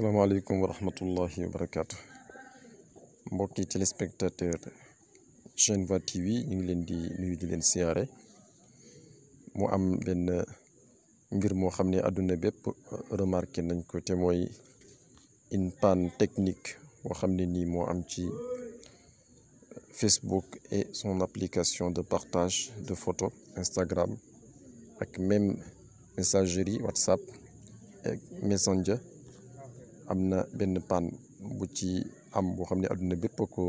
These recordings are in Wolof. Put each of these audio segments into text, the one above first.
alaikum wa rahmatullahi wa barakatuh Mboki téléspectateur TV remarqué une panne technique Facebook et son application de partage de photos Instagram avec même messagerie WhatsApp et Messenger amna na benn panne bu ci am boo xam ne àdduna bépp ko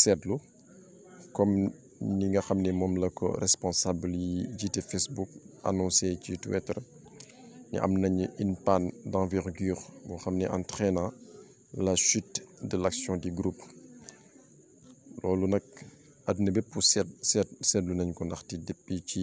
seetlu comme ni nga xam ne moom la ko responsable yi jiite Facebook annoncé ci Twitter ni am nañu une panne d'envergure boo xam ne entraînant la chute de l'action du groupe loolu nag àdduna bépp seet seet seetlu nañ ko ndaxte depuis ci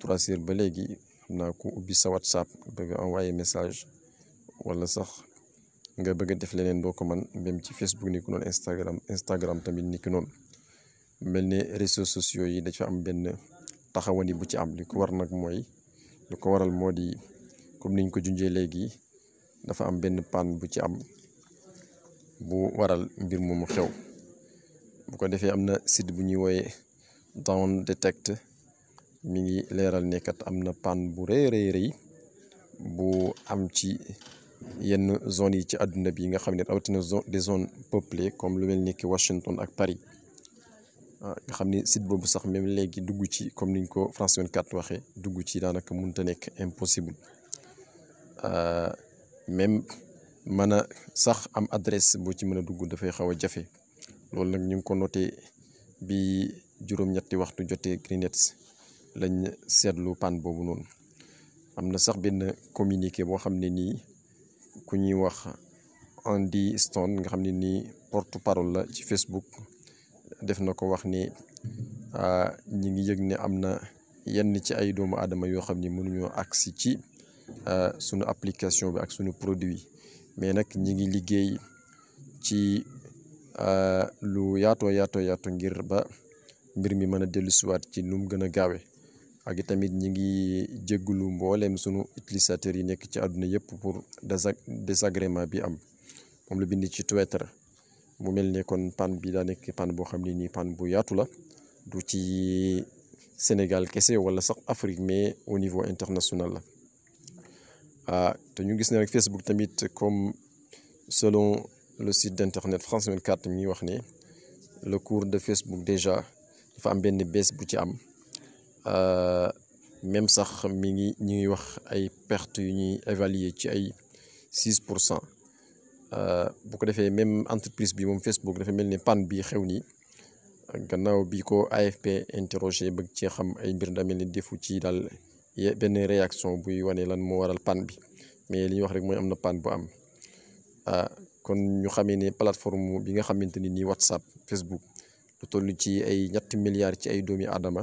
trois heures ba léegi xam naa ko ubbi sa WhatsApp bëgg envoyé message wala sax nga bëgg def leneen boo ko man même ci Facebook ni ko noonu Instagram Instagram tamit ni noonu mel ni réseaux sociaux yi dafa am benn taxawani bu ci am li ko war nag mooy lu ko waral moo di comme niñ ko junjee léegi dafa am benn panne bu ci am bu waral mbir moomu xew bu ko defee am na site bu ñuy wooyee down detect mi ngi leeral nekkat am na panne bu rëy rëy rëy bu am ci yenn zone yi ci àdduna bi nga xam ne rawatina zone des zones peuplées comme lu mel ni ki Washington ak Paris ah, nga xam ni sit boobu sax même léegi dugg ci comme ñu ko France 24 waxee dugg ci daanaka te nekk impossible ah, même mën a sax am adresse boo ci mën a dugg dafay xaw a jafe loolu nag ñu ngi ko noté bi juróom-ñetti waxtu jote Greenwich lañ seetlu panne boobu noonu am na sax benn communiqué boo xam ne nii. ku ñuy wax Andy Stone nga xamni ni porte parole la ci Facebook def nako wax ni ah, ñi ngi yegg ni amna yenn ci ay doomu adama yo xamni mënu mënuñoo aksi ci ah, suñu application bi ak suñu produit mais nak ñi ngi liggéey ci ah, lu yato yato yaatoo ngir ba mbir mi mëna delu ci nu mu gën ak tamit ñi ngi jéggulu mbooleem suñu utilisateur yi nekk ci aduna yépp pour désagrément bi am mom la bind ci Twitter mu melni kon panne bi da nekk panne bo xamni ni nii panne bu yaatu la du ci Sénégal kessé wala sax Afrique mais au niveau international la ah te ñu gis ne Facebook tamit comme selon le site d'internet France 24 mi wax ne le cours de Facebook déjà dafa am benn baisse bu ci am euh, même sax mi ngi ñuy wax ay perte yu ñuy évaluer ci ay 6 pour cent euh, bu ko defee même entreprise bi moom Facebook dafa mel ni panne bi xew nii gannaaw bi ko AFP interrogé bëgg ci xam ay mbir daa mel ni defu ci daal benn réaction buy wane lan moo waral panne bi mais li ñu wax rek mooy am na panne bu am euh, kon ñu xamee ne plateforme bi nga xamante ni nii WhatsApp Facebook lu toll ci ay ñetti milliards ci ay doomi aadama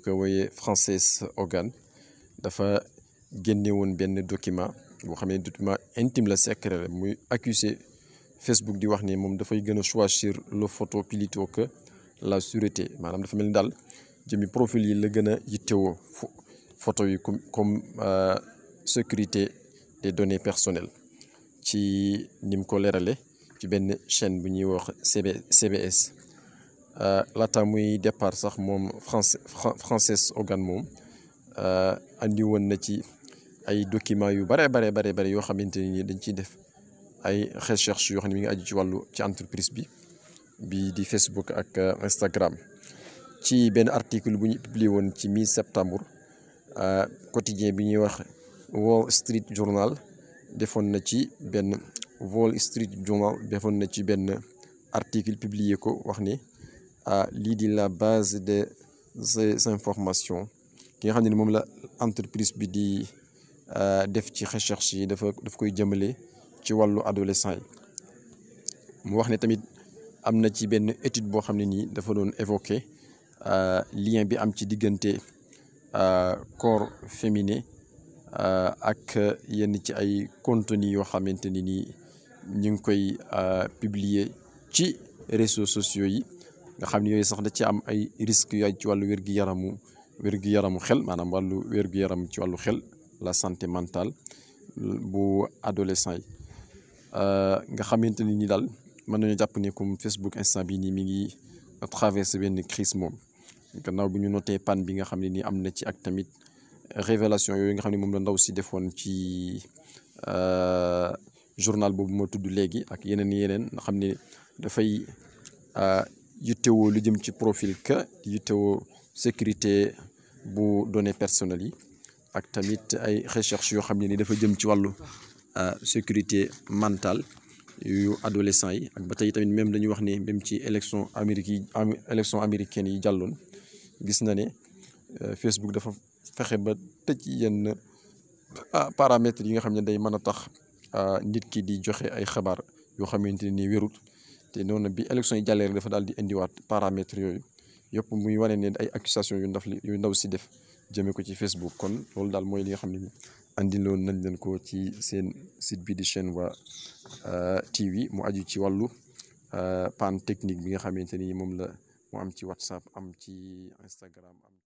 que koy française Frances Haugen dafa génne woon document boo xam ne document intime la secret muy accusé Facebook di wax ni moom dafay gën a choisir le photo plutôt que la sûreté Madame de famille Dal, daal jëmi profil yi la gën a yittewoo photo comme euh, sécurité des données personnelles qui ni mu ko leerale ci une chaîne bu wax CBS. Euh, laataa muy départ sax mom français française Frances Haugan euh andi won na ci ay documents yu bare bare bare bare yo xamanteni ni dañ ci def ay recherche yo xamni ne mi ngi aju ci walu ci entreprise bi bi di Facebook ak euh, Instagram ci ben article bu ñu publié woon ci mi septembre euh quotidien bi ñi wax Wall Street Journal defon na ci ben Wall Street Journal defon na ci ben article publié ko wax ni à lii di la base de ces informations Qui nga xam ne ni moom la entreprise bi di euh, def ci recherche yi dafa daf koy jëmale ci wàllu adolescent yi mu wax ne tamit am ci benn étude boo xam ne nii dafa doon évoquer euh, lien bi am ci euh corps féminin euh ak yenn ci ay contenu yo xamante ni ñing koy euh publier ci réseaux sociaux yi nga xam ne yooyu sax da ci am ay risque yu ci wàllu wér yaramu wér yaramu xel maanaam wàllu wér yaram ci wàllu xel la santé mentale bu adolescent yi euh, nga xamante ni ñi daal mën nañu jàpp ne comme Facebook instant bii nii mi ngi traversé benn crise moom gannaaw bi ñu notee panne bi nga xam ne nii am na ci ak tamit révélation yooyu nga xam ne moom la ndaw si defoon ci euh, journal boobu moo tudd léegi ak yeneen yeneen nga xam ne dafay euh, yittewoo lu jëm ci profil ka yittewoo sécurité bu données personnelles yi ak tamit ay recherche yo xamni ni dafa jëm ci walu euh, sécurité mentale yu adolescents yi ak batay tamit même dañu wax ni même ci élection américaine élection américaine yi jàlloon gis na ne euh, Facebook dafa fexé ba tëj yenn ah, paramètres yi nga xamni ne day mën tax euh, nit ki di joxé ay xabar yo xamante ni wérut te noonu bi élection yi jàllee dafa daal di indiwaat paramètres yooyu yëpp muy wane ne ay accusation yu ndaf yu ndaw si def jëmee ko ci Facebook kon loolu daal mooy li nga xam ne andiloon nañ leen ko ci seen sit bi di Senwaa euh, TV mu aju ci wàllu euh, panne technique bi nga xamante ni moom la mu am ci WhatsApp am ci Instagram am